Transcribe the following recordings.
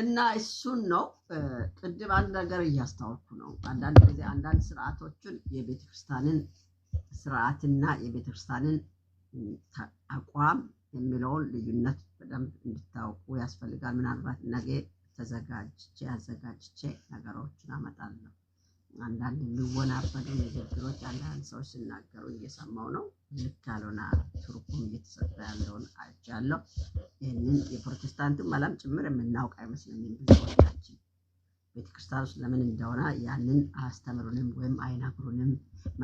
እና እሱን ነው ቅድም አንድ ነገር እያስታወቅኩ ነው። አንዳንድ ጊዜ አንዳንድ ስርዓቶችን የቤተክርስቲያንን ስርዓትና የቤተክርስቲያንን አቋም የሚለውን ልዩነት በደንብ እንድታውቁ ያስፈልጋል። ምናልባት ነገ ተዘጋጅቼ አዘጋጅቼ ነገሮችን አመጣለሁ። አንዳንድ የሚወናበዱ ንግግሮች አንዳንድ ሰዎች ሲናገሩ እየሰማው ነው። ልክ ያልሆነ ትርጉም እየተሰጠ ያለውን አይቻለሁ። ይህንን የፕሮቴስታንትም ዓለም ጭምር የምናውቅ አይመስለኝም። ብዙዎቻችን ቤተክርስቲያን ውስጥ ለምን እንደሆነ ያንን አያስተምሩንም ወይም አይነግሩንም።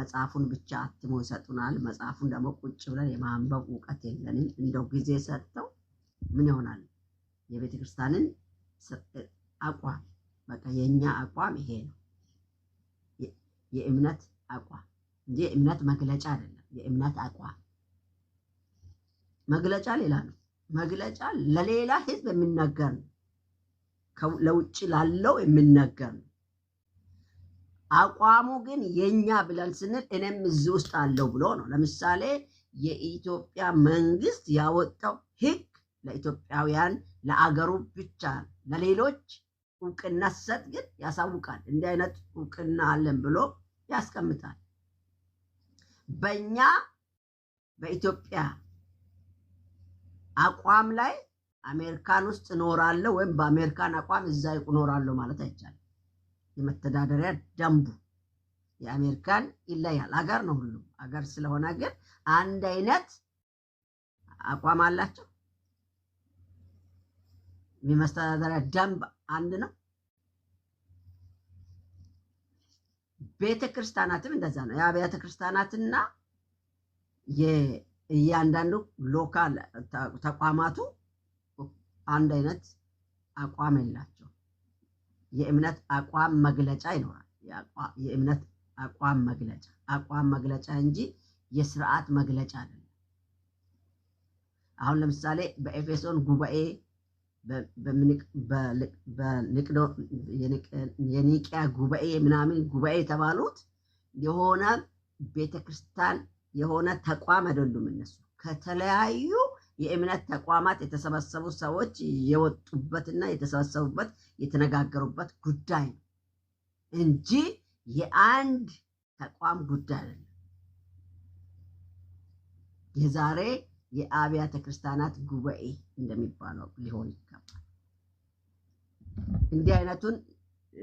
መጽሐፉን ብቻ አትሞ ይሰጡናል። መጽሐፉን ደግሞ ቁጭ ብለን የማንበብ እውቀት የለንም። እንደው ጊዜ ሰጥተው ምን ይሆናል የቤተክርስቲያንን አቋም በቃ የእኛ አቋም ይሄ ነው የእምነት አቋም እንጂ የእምነት መግለጫ አይደለም። የእምነት አቋም መግለጫ ሌላ ነው። መግለጫ ለሌላ ህዝብ የሚናገር ነው። ለውጭ ላለው የሚናገር ነው። አቋሙ ግን የኛ ብለን ስንል እኔም እዚህ ውስጥ አለው ብሎ ነው። ለምሳሌ የኢትዮጵያ መንግስት ያወጣው ህግ ለኢትዮጵያውያን ለአገሩ ብቻ ነው። ለሌሎች እውቅና ሰጥ ግን ያሳውቃል። እንዲህ አይነት እውቅና አለን ብሎ ያስቀምጣል። በእኛ በኢትዮጵያ አቋም ላይ አሜሪካን ውስጥ እኖራለሁ ወይም በአሜሪካን አቋም እዛ እኖራለሁ ማለት አይቻልም። የመተዳደሪያ ደንቡ የአሜሪካን ይለያል። አገር ነው ሁሉም አገር ስለሆነ ግን አንድ አይነት አቋም አላቸው። የመስተዳደሪያ ደንብ አንድ ነው። ቤተ ክርስቲያናትም እንደዛ ነው። የአብያተ ክርስቲያናትና እያንዳንዱ ሎካል ተቋማቱ አንድ አይነት አቋም የላቸው። የእምነት አቋም መግለጫ ይኖራል። የእምነት አቋም መግለጫ አቋም መግለጫ እንጂ የስርዓት መግለጫ አይደለም። አሁን ለምሳሌ በኤፌሶን ጉባኤ የኒቅያ ጉባኤ ምናምን ጉባኤ የተባሉት የሆነ ቤተክርስቲያን የሆነ ተቋም አይደሉም። እነሱ ከተለያዩ የእምነት ተቋማት የተሰበሰቡ ሰዎች የወጡበትና የተሰበሰቡበት የተነጋገሩበት ጉዳይ ነው እንጂ የአንድ ተቋም ጉዳይ አይደለም። የዛሬ የአብያተ ክርስቲያናት ጉባኤ እንደሚባለው ሊሆን ይገባል። እንዲህ አይነቱን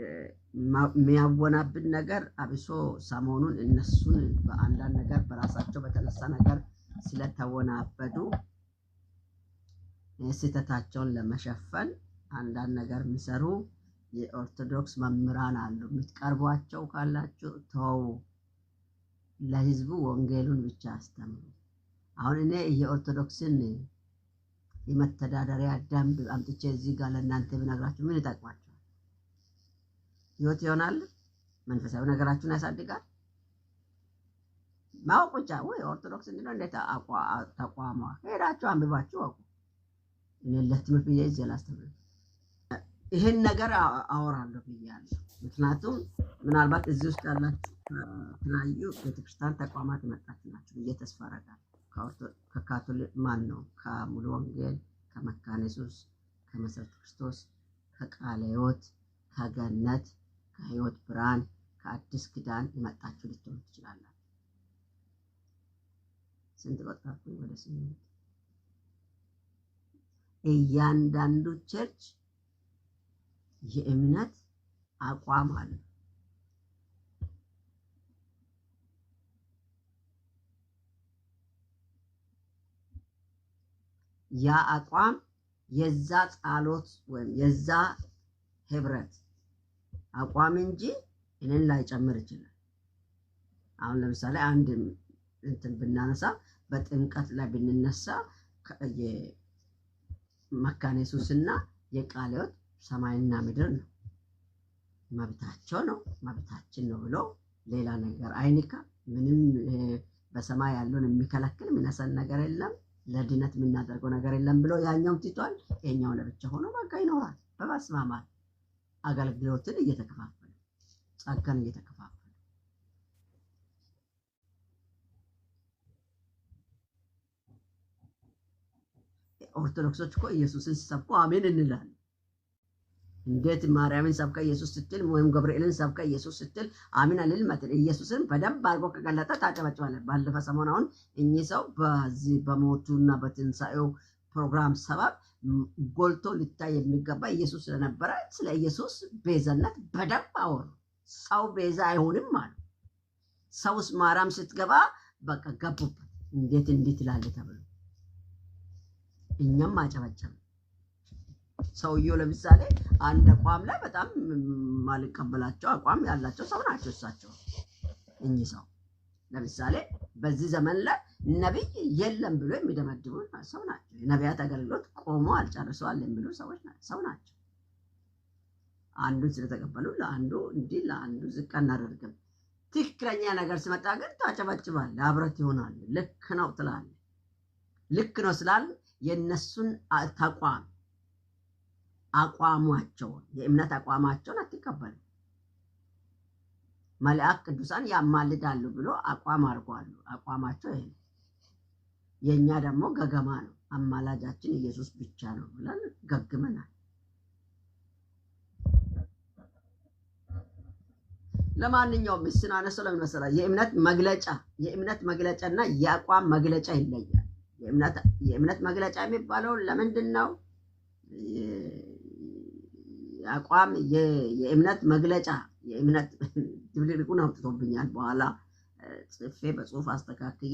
የሚያወናብን ነገር አብሶ ሰሞኑን እነሱን በአንዳንድ ነገር በራሳቸው በተነሳ ነገር ስለተወናበዱ ስህተታቸውን ለመሸፈን አንዳንድ ነገር የሚሰሩ የኦርቶዶክስ መምህራን አሉ። የምትቀርቧቸው ካላችሁ ተው፣ ለህዝቡ ወንጌሉን ብቻ አስተምሩ። አሁን እኔ የኦርቶዶክስን የመተዳደሪያ ደንብ አምጥቼ እዚህ ጋር ለእናንተ ብነግራችሁ ምን ይጠቅማችኋል? ህይወት ይሆናል? መንፈሳዊ ነገራችሁን ያሳድጋል? ማወቅ ብቻ ወይ ኦርቶዶክስ እንዲ እንዴት ተቋሟ ሄዳችሁ አንብባችሁ አውቁ። እኔ ለትምህርት ብዬ እዚህ ላስተምር ይህን ነገር አወራለሁ ብያለሁ። ምክንያቱም ምናልባት እዚህ ውስጥ ያላችሁ ተለያዩ ቤተክርስቲያን ተቋማት መጣችሁ ናችሁ ብዬ ተስፋ አደርጋለሁ። ከካቶሊክ ማን ነው? ከሙሉ ወንጌል፣ ከመካነ ኢየሱስ፣ ከመሰረተ ክርስቶስ፣ ከቃለ ሕይወት፣ ከገነት፣ ከሕይወት ብርሃን፣ ከአዲስ ኪዳን የመጣችሁ ልትሆኑ ትችላላችሁ። ስንት ቆጠርኩኝ? ወደ ስምንት። እያንዳንዱ ቸርች የእምነት አቋም አለው። ያ አቋም የዛ ጻሎት ወይም የዛ ህብረት አቋም እንጂ እኔን ላይጨምር ይችላል። አሁን ለምሳሌ አንድ እንትን ብናነሳ በጥምቀት ላይ ብንነሳ መካነ ኢየሱስና የቃለ ሕይወት ሰማይና ምድር ነው፣ መብታቸው ነው፣ መብታችን ነው ብሎ ሌላ ነገር አይንካ። ምንም በሰማይ ያለውን የሚከለክል የሚነሳን ነገር የለም። ለድነት የምናደርገው ነገር የለም ብሎ ያኛው ትቷል፣ ይሄኛው ለብቻ ሆኖ በቃ ይኖራል በማስማማት አገልግሎትን እየተከፋፈለ ጸጋን እየተከፋፈለ ኦርቶዶክሶች እኮ ኢየሱስን ሲሰብኩ አሜን እንላለን። እንዴት ማርያምን ሰብካ ኢየሱስ ስትል ወይም ገብርኤልን ሰብካ ኢየሱስ ስትል አሚን አልልም አትል። ኢየሱስን በደንብ አድርጎ ከገለጠ ታጨበጭባለህ። ባለፈ ሰሞን አሁን እኚህ ሰው በዚህ በሞቱና በትንሳኤው ፕሮግራም ሰበብ ጎልቶ ሊታይ የሚገባ ኢየሱስ ስለነበረ ስለ ኢየሱስ ቤዛነት በደንብ አወሩ። ሰው ቤዛ አይሆንም አሉ። ሰውስ ማርያም ስትገባ በቃ ገቡበት። እንዴት እንዲህ ትላለህ ተብሎ እኛም አጨበጨበ። ሰውየው ለምሳሌ አንድ አቋም ላይ በጣም ማልቀበላቸው አቋም ያላቸው ሰው ናቸው እሳቸው እኚህ ሰው ለምሳሌ በዚህ ዘመን ላይ ነቢይ የለም ብሎ የሚደመድሙ ሰው ናቸው። የነቢያት አገልግሎት ቆሞ አልጨርሰዋል የሚሉ ሰዎች ሰው ናቸው። አንዱን ስለተቀበሉ ለአንዱ እንዲህ ለአንዱ ዝቅ አናደርግም። ትክክለኛ ነገር ሲመጣ ግን ታጨበጭባል፣ አብረት ይሆናል። ልክ ነው ትላለ። ልክ ነው ስላል የእነሱን ተቋም አቋማቸውን የእምነት አቋማቸውን አትቀበልም። መልአክ ቅዱሳን ያማልዳሉ ብሎ አቋም አድርጓሉ። አቋማቸው ይሄ የእኛ ደግሞ ገገማ ነው። አማላጃችን ኢየሱስ ብቻ ነው ብለን ገግመናል። ለማንኛውም ምስን አነሱ ለምንመሰላ የእምነት መግለጫ የእምነት መግለጫ እና የአቋም መግለጫ ይለያል። የእምነት መግለጫ የሚባለው ለምንድን ነው? አቋም የእምነት መግለጫ የእምነት ድብልቅልቁን አውጥቶብኛል። በኋላ ጽፌ በጽሁፍ አስተካክዬ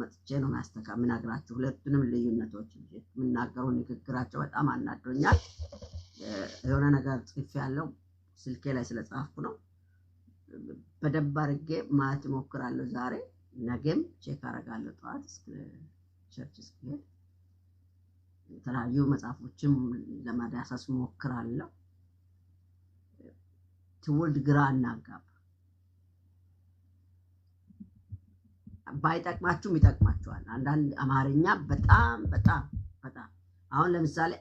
መጥቼ ነው ማስተካ ምናግራቸው ሁለቱንም ልዩነቶች የምናገረው ንግግራቸው በጣም አናዶኛል። የሆነ ነገር ጽፌ ያለው ስልኬ ላይ ስለጻፍኩ ነው። በደንብ አድርጌ ማለት እሞክራለሁ ዛሬ፣ ነገም ቼክ አደርጋለሁ። ጠዋት ቸርች እስክሄድ የተለያዩ መጽሐፎችም ለመዳሰስ እሞክራለሁ። ትውልድ ግራ እናጋባ። ባይጠቅማችሁም ይጠቅማችኋል። አንዳንድ አማርኛ በጣም በጣም በጣም አሁን ለምሳሌ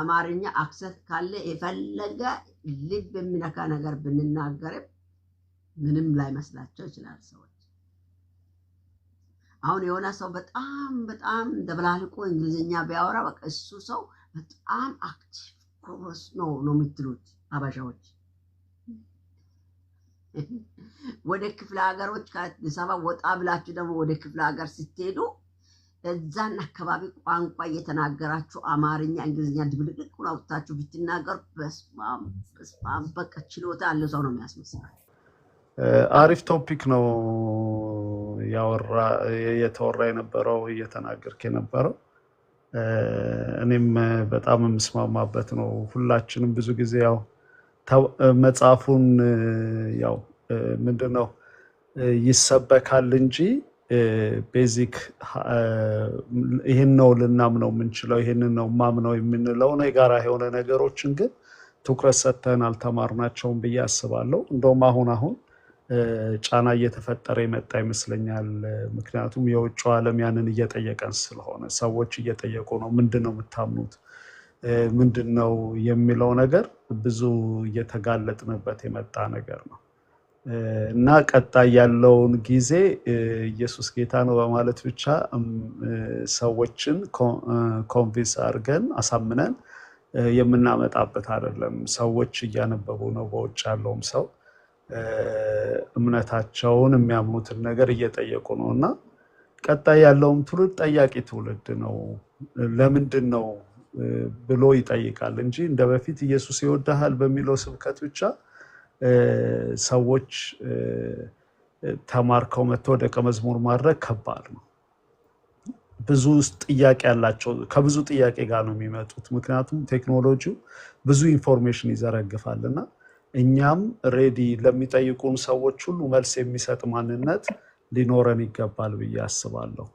አማርኛ አክሰት ካለ የፈለገ ልብ የሚነካ ነገር ብንናገርም ምንም ላይመስላቸው ይችላል ሰዎች። አሁን የሆነ ሰው በጣም በጣም ደብላልቆ እንግሊዝኛ ቢያወራ በቃ እሱ ሰው በጣም አክቲቭ ጎበዝ ነው ነው የምትሉት አበሻዎች። ወደ ክፍለ ሀገሮች ከአዲስ አበባ ወጣ ብላችሁ ደግሞ ወደ ክፍለ ሀገር ስትሄዱ እዛን አካባቢ ቋንቋ እየተናገራችሁ አማርኛ፣ እንግሊዝኛ ድብልቅልቅ አውጥታችሁ ብትናገር በስማም በቃ ችሎታ አለ ሰው ነው የሚያስመስላል። አሪፍ ቶፒክ ነው እየተወራ የነበረው እየተናገርክ የነበረው እኔም በጣም የምስማማበት ነው። ሁላችንም ብዙ ጊዜ ያው መጽሐፉን ያው ምንድን ነው ይሰበካል እንጂ ቤዚክ ይህን ነው ልናምነው የምንችለው ይህንን ነው ማምነው የምንለውን የጋራ የሆነ ነገሮችን ግን ትኩረት ሰጥተን አልተማርናቸውም ብዬ አስባለሁ። እንደውም አሁን አሁን ጫና እየተፈጠረ የመጣ ይመስለኛል። ምክንያቱም የውጭው ዓለም ያንን እየጠየቀን ስለሆነ ሰዎች እየጠየቁ ነው። ምንድን ነው የምታምኑት ምንድን ነው የሚለው ነገር ብዙ እየተጋለጥንበት የመጣ ነገር ነው። እና ቀጣይ ያለውን ጊዜ ኢየሱስ ጌታ ነው በማለት ብቻ ሰዎችን ኮንቪንስ አድርገን አሳምነን የምናመጣበት አይደለም። ሰዎች እያነበቡ ነው። በውጭ ያለውም ሰው እምነታቸውን የሚያምኑትን ነገር እየጠየቁ ነው እና ቀጣይ ያለውም ትውልድ ጠያቂ ትውልድ ነው። ለምንድን ነው ብሎ ይጠይቃል እንጂ እንደ በፊት ኢየሱስ ይወድሃል በሚለው ስብከት ብቻ ሰዎች ተማርከው መጥተው ደቀ መዝሙር ማድረግ ከባድ ነው። ብዙ ጥያቄ ያላቸው ከብዙ ጥያቄ ጋር ነው የሚመጡት። ምክንያቱም ቴክኖሎጂው ብዙ ኢንፎርሜሽን ይዘረግፋል እና እኛም ሬዲ ለሚጠይቁን ሰዎች ሁሉ መልስ የሚሰጥ ማንነት ሊኖረን ይገባል ብዬ አስባለሁ።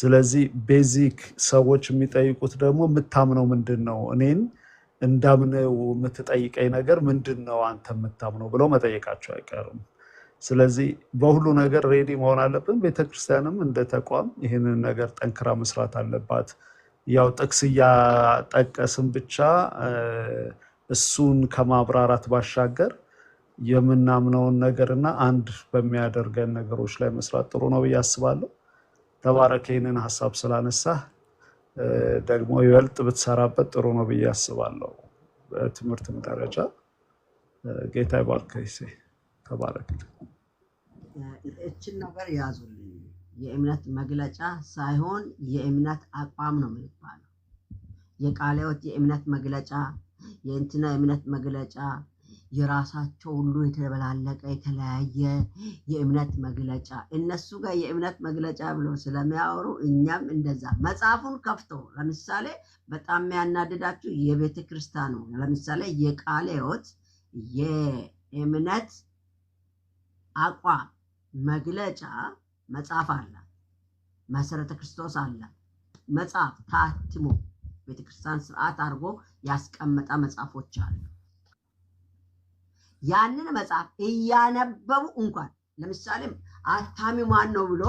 ስለዚህ ቤዚክ ሰዎች የሚጠይቁት ደግሞ የምታምነው ምንድን ነው እኔን እንዳምነው የምትጠይቀኝ ነገር ምንድን ነው አንተ የምታምነው ብለው መጠየቃቸው አይቀርም። ስለዚህ በሁሉ ነገር ሬዲ መሆን አለብን። ቤተክርስቲያንም እንደ ተቋም ይህንን ነገር ጠንክራ መስራት አለባት። ያው ጥቅስ እያጠቀስን ብቻ እሱን ከማብራራት ባሻገር የምናምነውን ነገርና አንድ በሚያደርገን ነገሮች ላይ መስራት ጥሩ ነው ብዬ አስባለሁ። ተባረክ፣ ይህንን ሀሳብ ስላነሳህ። ደግሞ ይበልጥ ብትሰራበት ጥሩ ነው ብዬ አስባለሁ። በትምህርትም ደረጃ ጌታ ይባርክ። ተባረክ። እችን ነገር ያዙልኝ። የእምነት መግለጫ ሳይሆን የእምነት አቋም ነው የሚባለው። የቃሊያዎች የእምነት መግለጫ፣ የእንትና የእምነት መግለጫ የራሳቸው ሁሉ የተበላለቀ የተለያየ የእምነት መግለጫ እነሱ ጋር የእምነት መግለጫ ብሎ ስለሚያወሩ እኛም እንደዛ መጽሐፉን ከፍቶ ለምሳሌ በጣም የሚያናድዳችሁ የቤተ ክርስቲያኑ ለምሳሌ የቃለ ሕይወት የእምነት አቋም መግለጫ መጽሐፍ አላት። መሰረተ ክርስቶስ አለ መጽሐፍ ታትሞ ቤተክርስቲያን ስርዓት አድርጎ ያስቀመጠ መጽሐፎች አሉ። ያንን መጽሐፍ እያነበቡ እንኳን ለምሳሌም አታሚ ማን ነው ብሎ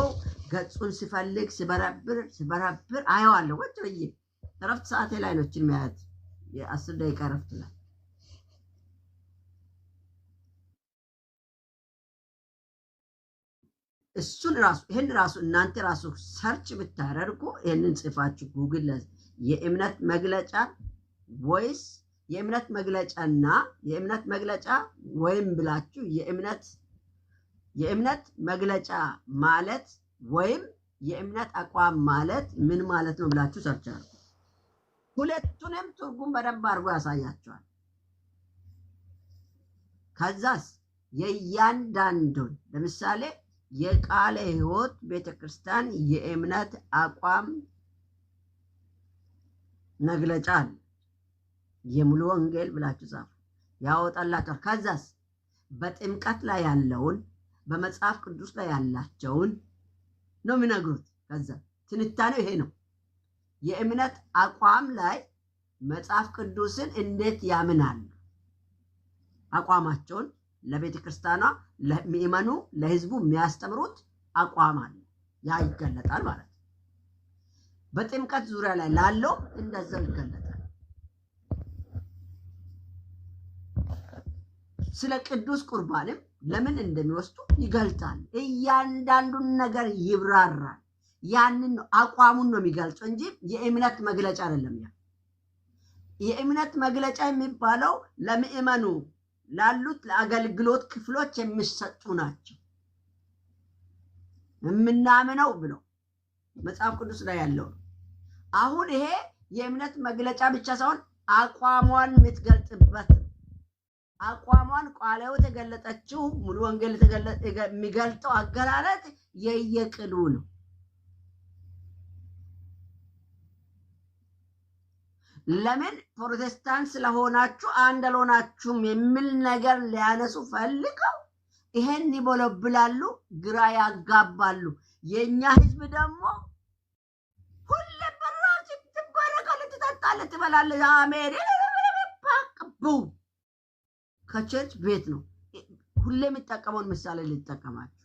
ገጹን ስፈልግ ስበረብር ስበረብር አየዋለሁ። ቁጭ ብዬ እረፍት ሰዓቴ ላይ ነው እችን መያዝ የአስር ደቂቃ እረፍት ላይ እሱን ራሱ ይህን ራሱ እናንተ ራሱ ሰርች ብታደርጉ ይህንን ጽፋችሁ ጉግል የእምነት መግለጫ ቮይስ የእምነት መግለጫና የእምነት መግለጫ ወይም ብላችሁ የእምነት የእምነት መግለጫ ማለት ወይም የእምነት አቋም ማለት ምን ማለት ነው ብላችሁ ሰርች ሁለቱንም ትርጉም በደንብ አድርጎ ያሳያቸዋል። ከዛስ የእያንዳንዱን ለምሳሌ የቃለ ሕይወት ቤተክርስቲያን የእምነት አቋም መግለጫ አለ። የሙሉ ወንጌል ብላችሁ ጻፉ፣ ያወጣላችኋል። ከዛስ በጥምቀት ላይ ያለውን በመጽሐፍ ቅዱስ ላይ ያላቸውን ነው የሚነግሩት። ከዛ ትንታኔው ይሄ ነው። የእምነት አቋም ላይ መጽሐፍ ቅዱስን እንዴት ያምናሉ? አቋማቸውን ለቤተ ክርስቲያኗ፣ ለሚእመኑ ለህዝቡ የሚያስተምሩት አቋም አለ። ያ ይገለጣል ማለት ነው። በጥምቀት ዙሪያ ላይ ላለው እንደዛው ይገለጣል። ስለ ቅዱስ ቁርባንም ለምን እንደሚወስዱ ይገልጣል። እያንዳንዱን ነገር ይብራራል። ያንን አቋሙን ነው የሚገልጸው እንጂ የእምነት መግለጫ አይደለም። ያ የእምነት መግለጫ የሚባለው ለምእመኑ ላሉት ለአገልግሎት ክፍሎች የሚሰጡ ናቸው። የምናምነው ብለው መጽሐፍ ቅዱስ ላይ ያለው አሁን ይሄ የእምነት መግለጫ ብቻ ሳይሆን አቋሟን የምትገልጥበት አቋሟን ቃለው የተገለጠችው ሙሉ ወንጌል የሚገልጠው አገላለጥ የየቅሉ ነው። ለምን ፕሮቴስታንት ስለሆናችሁ አንድ አልሆናችሁም የሚል ነገር ሊያነሱ ፈልገው ይሄን ይቦለብላሉ፣ ግራ ያጋባሉ። የእኛ ህዝብ ደግሞ ሁሌ በራ ትባረካል፣ ትጠጣለ፣ ትበላለ አሜሪ ቡ ከቸርች ቤት ነው። ሁሌ የሚጠቀመውን ምሳሌ ልጠቀማችሁ።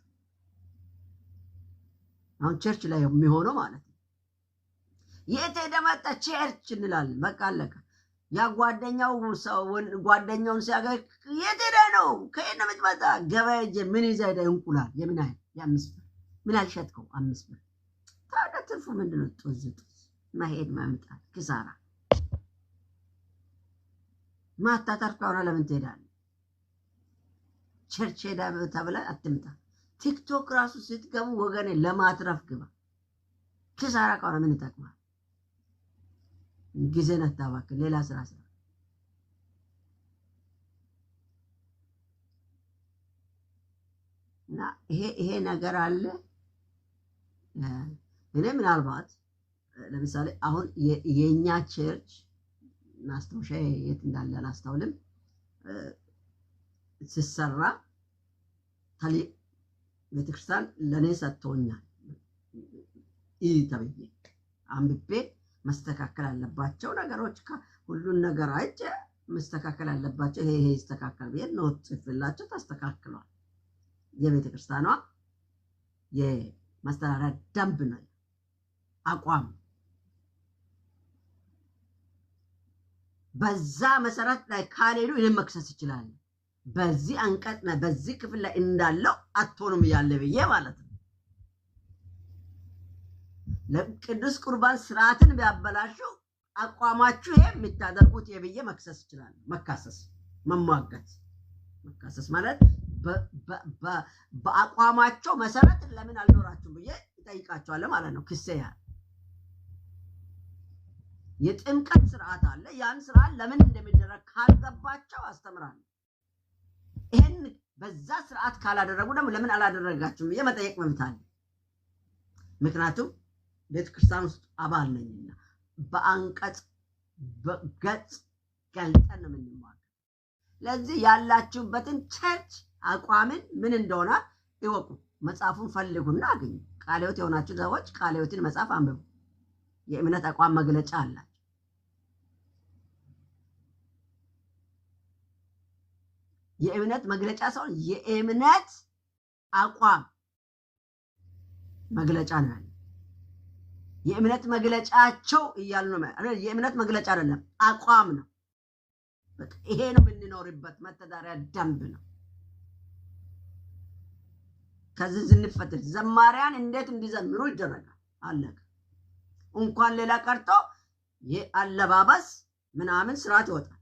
አሁን ቸርች ላይ የሚሆነው ማለት ነው። የት ሄደ መጣ? ቸርች እንላለን። በቃ አለቀ። ያ ጓደኛው ጓደኛውን ሲያገኝ የት ሄደ ነው? ከየት ነው የምትመጣ? ገበያ ምን ይዘህ ሄደ? እንቁላል። የምን ያህል? የአምስት ብር። ምን ያህል አምስት ብር። ታዲያ ትርፉ ምንድነው? ነው? ጡዝ ጡዝ፣ መሄድ መምጣት፣ ኪሳራ። ማታተርፍ ከሆነ ለምን ትሄዳለህ? ቸርች ሄዳ ተብላ አትምጣ። ቲክቶክ ራሱ ስትገቡ ወገኔ ለማትረፍ ግባ። ኪሳራ ከሆነ ምን ይጠቅማል? ጊዜን አታባክል። ሌላ ስራ ስራ። እና ይሄ ይሄ ነገር አለ። እኔ ምናልባት ለምሳሌ አሁን የእኛ ቸርች ማስታወሻ የት እንዳለ አላስታውልም ስሰራ ከሊ ቤተክርስቲያን ለእኔ ሰጥቶኛል ይህ ተብዬ አንብቤ መስተካከል አለባቸው ነገሮች ሁሉን ነገር አይቼ መስተካከል አለባቸው ይሄ ይሄ ይስተካከል ብዬ ነው ጽፌላቸው ተስተካክሏል። የቤተ ክርስቲያኗ የማስተዳደሪያ ደንብ ነው አቋም። በዛ መሰረት ላይ ካሌሉ እኔም መክሰስ ይችላል። በዚህ አንቀጽ በዚህ ክፍል ላይ እንዳለው አቶንም እያለ ብዬ ማለት ነው። ለቅዱስ ቁርባን ስርዓትን ቢያበላሹ አቋማችሁ ይሄ የምታደርጉት የብዬ መክሰስ ይችላል። መካሰስ፣ መሟገት። መካሰስ ማለት በአቋማቸው መሰረት ለምን አልኖራችሁም ብዬ ይጠይቃቸዋል ማለት ነው። ክሴ ያ የጥምቀት ስርዓት አለ። ያን ስርዓት ለምን እንደሚደረግ ካልገባቸው አስተምራለሁ። ይሄን በዛ ስርዓት ካላደረጉ ደግሞ ለምን አላደረጋችሁም ብዬ መጠየቅ መብት አለ። ምክንያቱም ቤተክርስቲያን ውስጥ አባል ነኝና በአንቀጽ በገጽ ገልጠን ነው የምንማር። ለዚህ ያላችሁበትን ቸርች አቋምን ምን እንደሆነ ይወቁ። መጽሐፉን ፈልጉና አገኙ። ቃለ ሕይወት የሆናችሁ ሰዎች ቃለ ሕይወትን መጽሐፍ አንብቡ። የእምነት አቋም መግለጫ አላ የእምነት መግለጫ ሳይሆን የእምነት አቋም መግለጫ ነው ያለ። የእምነት መግለጫቸው እያሉ ነው። የእምነት መግለጫ አይደለም፣ አቋም ነው። ይሄ ነው የምንኖርበት መተዳደሪያ ደንብ ነው። ከዚህ ዝንፈትል ዘማሪያን እንዴት እንዲዘምሩ ይደረጋል። አለቀ። እንኳን ሌላ ቀርቶ የአለባበስ ምናምን ስርዓት ይወጣል።